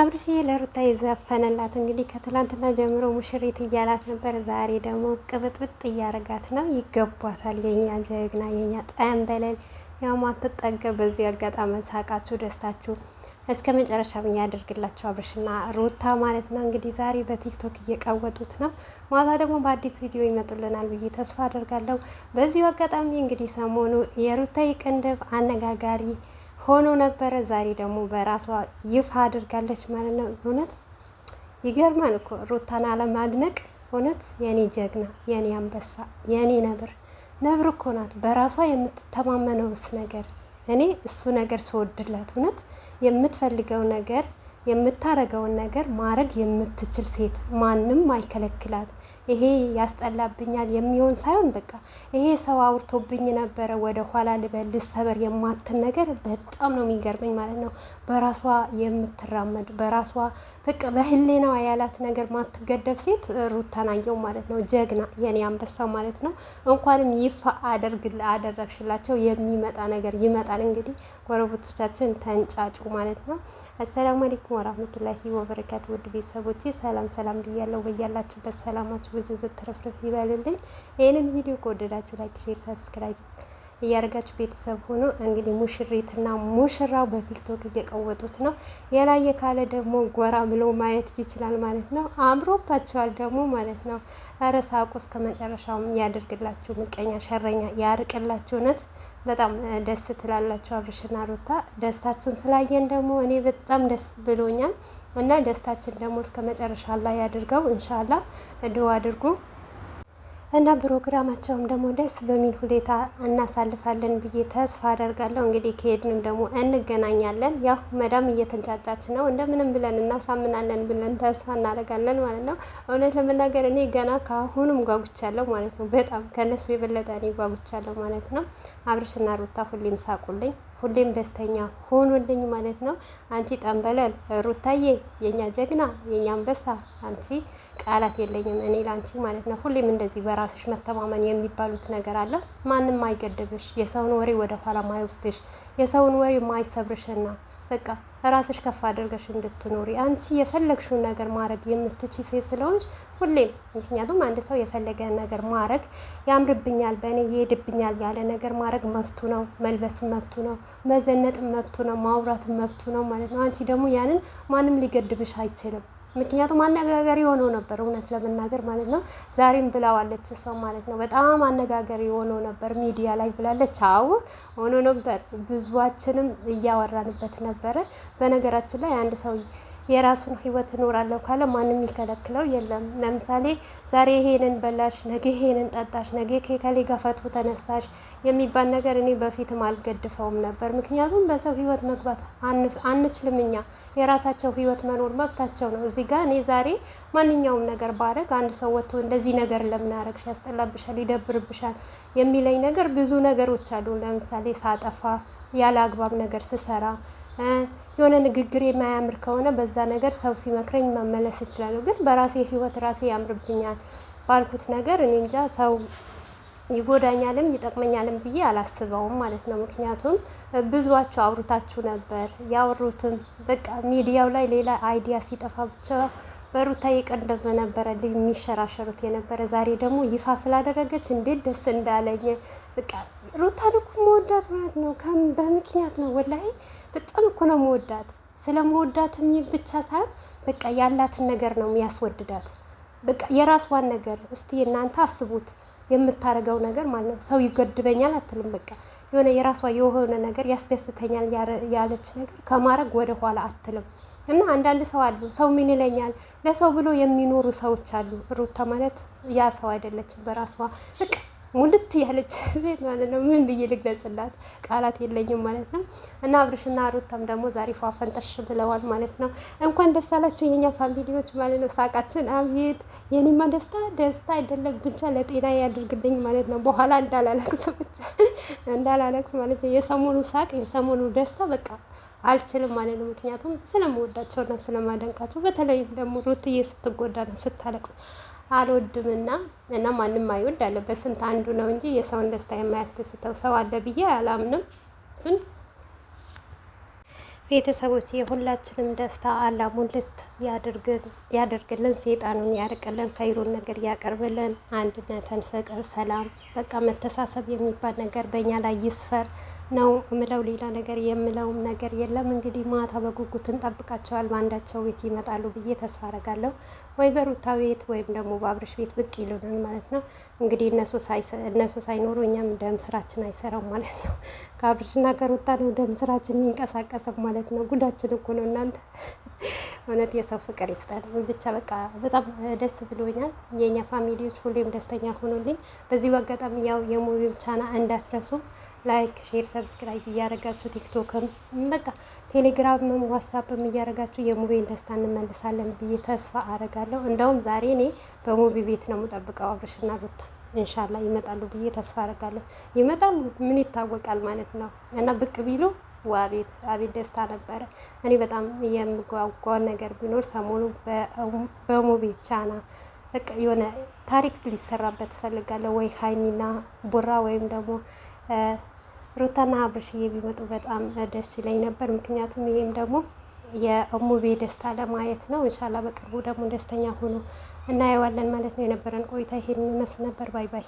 አብርሽ ለሩታ የዘፈነላት እንግዲህ ከትላንትና ጀምሮ ሙሽሪት እያላት ነበር። ዛሬ ደግሞ ቅብጥብጥ እያረጋት ነው። ይገቧታል። የኛ ጀግና፣ የኛ ጠንበለል፣ ያው ማትጠገብ። በዚህ አጋጣሚ ሳቃችሁ፣ ደስታችሁ እስከ መጨረሻ ያደርግላችሁ አብርሽና ሩታ ማለት ነው። እንግዲህ ዛሬ በቲክቶክ እየቀወጡት ነው። ማታ ደግሞ በአዲስ ቪዲዮ ይመጡልናል ብዬ ተስፋ አደርጋለሁ። በዚሁ አጋጣሚ እንግዲህ ሰሞኑ የሩታ ቅንድብ አነጋጋሪ ሆኖ ነበረ። ዛሬ ደግሞ በራሷ ይፋ አድርጋለች ማለት ነው። እውነት ይገርማል እኮ ሩታን አለማድነቅ። እውነት የኔ ጀግና፣ የኔ አንበሳ፣ የኔ ነብር ነብር እኮ ናት። በራሷ የምትተማመነውስ ነገር እኔ እሱ ነገር ስወድላት እውነት የምትፈልገው ነገር የምታረገውን ነገር ማድረግ የምትችል ሴት ማንም አይከለክላት። ይሄ ያስጠላብኛል የሚሆን ሳይሆን በቃ ይሄ ሰው አውርቶብኝ ነበረ ወደ ኋላ ልበል ልሰበር የማትን ነገር በጣም ነው የሚገርመኝ ማለት ነው። በራሷ የምትራመድ በራሷ በቃ በህሌናዋ ያላት ነገር ማትገደብ ሴት ሩታናየው ማለት ነው። ጀግና የኔ አንበሳው ማለት ነው። እንኳንም ይፋ አደርግል አደረግሽላቸው የሚመጣ ነገር ይመጣል። እንግዲህ ጎረቤቶቻችን ተንጫጩ ማለት ነው። አሰላሙ አለይኩም ወራህመቱላሂ ወበረካቱ። ውድ ቤተሰቦቼ ሰላም ሰላም ብያለሁ። በያላችሁበት ሰላማችሁ ብዝዝት ትርፍርፍ ይበልልኝ። ይህንን ቪዲዮ ከወደዳችሁ ላይክ፣ ሼር፣ ሰብስክራይብ እያደረጋችሁ ቤተሰብ ሆኖ እንግዲህ ሙሽሪትና ሙሽራው በቲክቶክ እየቀወጡት ነው። የላየ ካለ ደግሞ ጎራ ብሎ ማየት ይችላል ማለት ነው። አምሮባቸዋል ደግሞ ማለት ነው። ኧረ ሳቁ እስከ መጨረሻውም ያደርግላችሁ። ምቀኛ ሸረኛ ያርቅላችሁ። እውነት በጣም ደስ ትላላችሁ። አብርሽና ሩታ ደስታችሁን ስላየን ደግሞ እኔ በጣም ደስ ብሎኛል። እና ደስታችን ደግሞ እስከ መጨረሻ ላይ ያድርገው እንሻላ እድው አድርጉ እና ፕሮግራማቸውም ደግሞ ደስ በሚል ሁኔታ እናሳልፋለን ብዬ ተስፋ አደርጋለሁ። እንግዲህ ከሄድንም ደግሞ እንገናኛለን። ያው መዳም እየተንጫጫች ነው፣ እንደምንም ብለን እናሳምናለን ብለን ተስፋ እናደርጋለን ማለት ነው። እውነት ለመናገር እኔ ገና ከአሁኑም ጓጉቻለሁ ማለት ነው። በጣም ከእነሱ የበለጠ እኔ ጓጉቻለሁ ማለት ነው። አብርሽና ሩታ ሁሌም ሳቁልኝ። ሁሌም ደስተኛ ሆኖልኝ ማለት ነው። አንቺ ጠንበለል ሩታዬ፣ የኛ ጀግና፣ የኛ አንበሳ፣ አንቺ ቃላት የለኝም እኔ ላንቺ ማለት ነው። ሁሌም እንደዚህ በራስሽ መተማመን የሚባሉት ነገር አለ። ማንም አይገድብሽ፣ የሰውን ወሬ ወደኋላ ማይወስድሽ፣ የሰውን ወሬ ማይሰብርሽና በቃ ራስሽ ከፍ አድርገሽ እንድትኖሪ አንቺ የፈለግሽውን ነገር ማድረግ የምትችይ ሴት ስለሆንሽ ሁሌም ምክንያቱም አንድ ሰው የፈለገ ነገር ማድረግ ያምርብኛል፣ በእኔ ይሄድብኛል ያለ ነገር ማድረግ መብቱ ነው። መልበስ መብቱ ነው፣ መዘነጥ መብቱ ነው፣ ማውራት መብቱ ነው ማለት ነው። አንቺ ደግሞ ያንን ማንም ሊገድብሽ አይችልም። ምክንያቱም አነጋጋሪ የሆነው ነበር እውነት ለመናገር ማለት ነው። ዛሬም ብለዋለች ሰው ማለት ነው። በጣም አነጋጋሪ የሆነው ነበር ሚዲያ ላይ ብላለች። አዎ ሆኖ ነበር። ብዙዋችንም እያወራንበት ነበረ። በነገራችን ላይ አንድ ሰው የራሱን ህይወት እኖራለሁ ካለ ማንም የሚከለክለው የለም። ለምሳሌ ዛሬ ይሄንን በላሽ፣ ነገ ይሄንን ጠጣሽ፣ ነገ ከከሌ ገፈቱ ተነሳሽ የሚባል ነገር እኔ በፊትም አልገድፈውም ነበር። ምክንያቱም በሰው ህይወት መግባት አንችልም። እኛ የራሳቸው ህይወት መኖር መብታቸው ነው። እዚህ ጋር እኔ ዛሬ ማንኛውም ነገር ባረግ አንድ ሰው ወጥቶ እንደዚህ ነገር ለምን አረግሽ፣ ያስጠላብሻል፣ ይደብርብሻል የሚለኝ ነገር ብዙ ነገሮች አሉ። ለምሳሌ ሳጠፋ፣ ያለ አግባብ ነገር ስሰራ የሆነ ንግግር የማያምር ከሆነ በዛ ነገር ሰው ሲመክረኝ መመለስ ይችላሉ። ግን በራሴ ህይወት ራሴ ያምርብኛል ባልኩት ነገር እኔ እንጃ ሰው ይጎዳኛልም ይጠቅመኛልም ብዬ አላስበውም ማለት ነው። ምክንያቱም ብዙዋችሁ አውርታችሁ ነበር ያወሩትም በቃ ሚዲያው ላይ ሌላ አይዲያ ሲጠፋ ብቻ በሩታ የቀደመ ነበረ የሚሸራሸሩት የነበረ ዛሬ ደግሞ ይፋ ስላደረገች እንዴት ደስ እንዳለኝ በቃ ሩታ እኮ መወዳት ማለት ነው፣ በምክንያት ነው። ወላሂ በጣም እኮ ነው መወዳት። ስለ የሚል ብቻ ሳይሆን በቃ ያላትን ነገር ነው የሚያስወድዳት። በቃ የራስዋን ነገር እስቲ እናንተ አስቡት፣ የምታደርገው ነገር ማለት ነው። ሰው ይገድበኛል አትልም። በቃ የሆነ የራሷ የሆነ ነገር ያስደስተኛል ያለች ነገር ከማድረግ ወደ ኋላ አትልም። እና አንዳንድ ሰው አሉ፣ ሰው ምን ይለኛል፣ ለሰው ብሎ የሚኖሩ ሰዎች አሉ። ሩታ ማለት ያ ሰው አይደለችም። በራሷ በቃ ሙልት ያለች ሴት ማለት ነው። ምን ብዬ ልግለጽላት? ቃላት የለኝም ማለት ነው። እና አብርሽና ሩታም ደግሞ ዛሬ ፏፈንጠሽ ብለዋል ማለት ነው። እንኳን ደስ አላቸው የኛ ፋሚሊዎች ማለት ነው። ሳቃችን አቤት! የኔማ ደስታ ደስታ አይደለም ብቻ ለጤና ያድርግልኝ ማለት ነው። በኋላ እንዳላለቅስ ብቻ እንዳላለቅስ ማለት ነው። የሰሞኑ ሳቅ የሰሞኑ ደስታ በቃ አልችልም ማለት ነው። ምክንያቱም ስለምወዳቸውና ስለማደንቃቸው በተለይም ደግሞ ሩትዬ ስትጎዳና ስታለቅስ አልወድምና እና ማንም አይወድ አለ። በስንት አንዱ ነው እንጂ የሰውን ደስታ የማያስደስተው ሰው አለ ብዬ አላምንም። ግን ቤተሰቦች የሁላችንም ደስታ አላህ ሙልት ያደርግልን፣ ሴጣኑን ያርቅልን፣ ከይሩን ነገር ያቀርብልን፣ አንድነትን፣ ፍቅር፣ ሰላም በቃ መተሳሰብ የሚባል ነገር በእኛ ላይ ይስፈር። ነው እምለው። ሌላ ነገር የምለውም ነገር የለም። እንግዲህ ማታ በጉጉት እንጠብቃቸዋል። በአንዳቸው ቤት ይመጣሉ ብዬ ተስፋ አረጋለሁ። ወይ በሩታ ቤት ወይም ደግሞ በአብርሽ ቤት ብቅ ይሉናል ማለት ነው። እንግዲህ እነሱ ሳይኖሩ እኛም ደም ስራችን አይሰራም ማለት ነው። ከአብርሽና ከሩታ ነው ደም ስራችን የሚንቀሳቀሰው ማለት ነው። ጉዳችን እኮ ነው እናንተ እውነት የሰው ፍቅር ይስጠን። ብቻ በቃ በጣም ደስ ብሎኛል። የእኛ ፋሚሊዎች ሁሌም ደስተኛ ሆኑልኝ። በዚሁ አጋጣሚ ያው የሙቪም ቻና እንዳትረሱ ላይክ፣ ሼር፣ ሰብስክራይብ እያደረጋችሁ ቲክቶክም በቃ ቴሌግራምም ዋትሳፕም እያደረጋችሁ የሙቪን ደስታ እንመልሳለን ብዬ ተስፋ አደርጋለሁ። እንደውም ዛሬ እኔ በሙቪ ቤት ነው የምጠብቀው አብርሽና ሩታ እንሻላ ይመጣሉ ብዬ ተስፋ አደርጋለሁ። ይመጣሉ ምን ይታወቃል ማለት ነው እና ብቅ ቢሉ አቤት አቤት ደስታ ነበረ። እኔ በጣም የምጓጓ ነገር ቢኖር ሰሞኑ በሙቤ ቻና በቃ የሆነ ታሪክ ሊሰራበት እፈልጋለሁ ወይ ሀይሚና ቡራ ወይም ደግሞ ሩታና አብርሽዬ ቢመጡ በጣም ደስ ይለኝ ነበር። ምክንያቱም ይህም ደግሞ የሙቤ ደስታ ለማየት ነው። እንሻላ በቅርቡ ደግሞ ደስተኛ ሆኖ እናየዋለን ማለት ነው። የነበረን ቆይታ ይሄን ይመስል ነበር። ባይ ባይ።